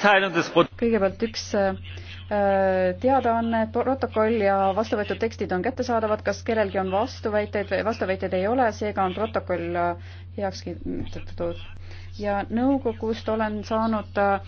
kõigepealt üks äh, teadaanne, protokoll ja vastuvõetud tekstid on kättesaadavad, kas kellelgi on vastuväiteid, vastuväiteid ei ole, seega on protokoll äh, heaks kiidetud. ja nõukogust olen saanud äh,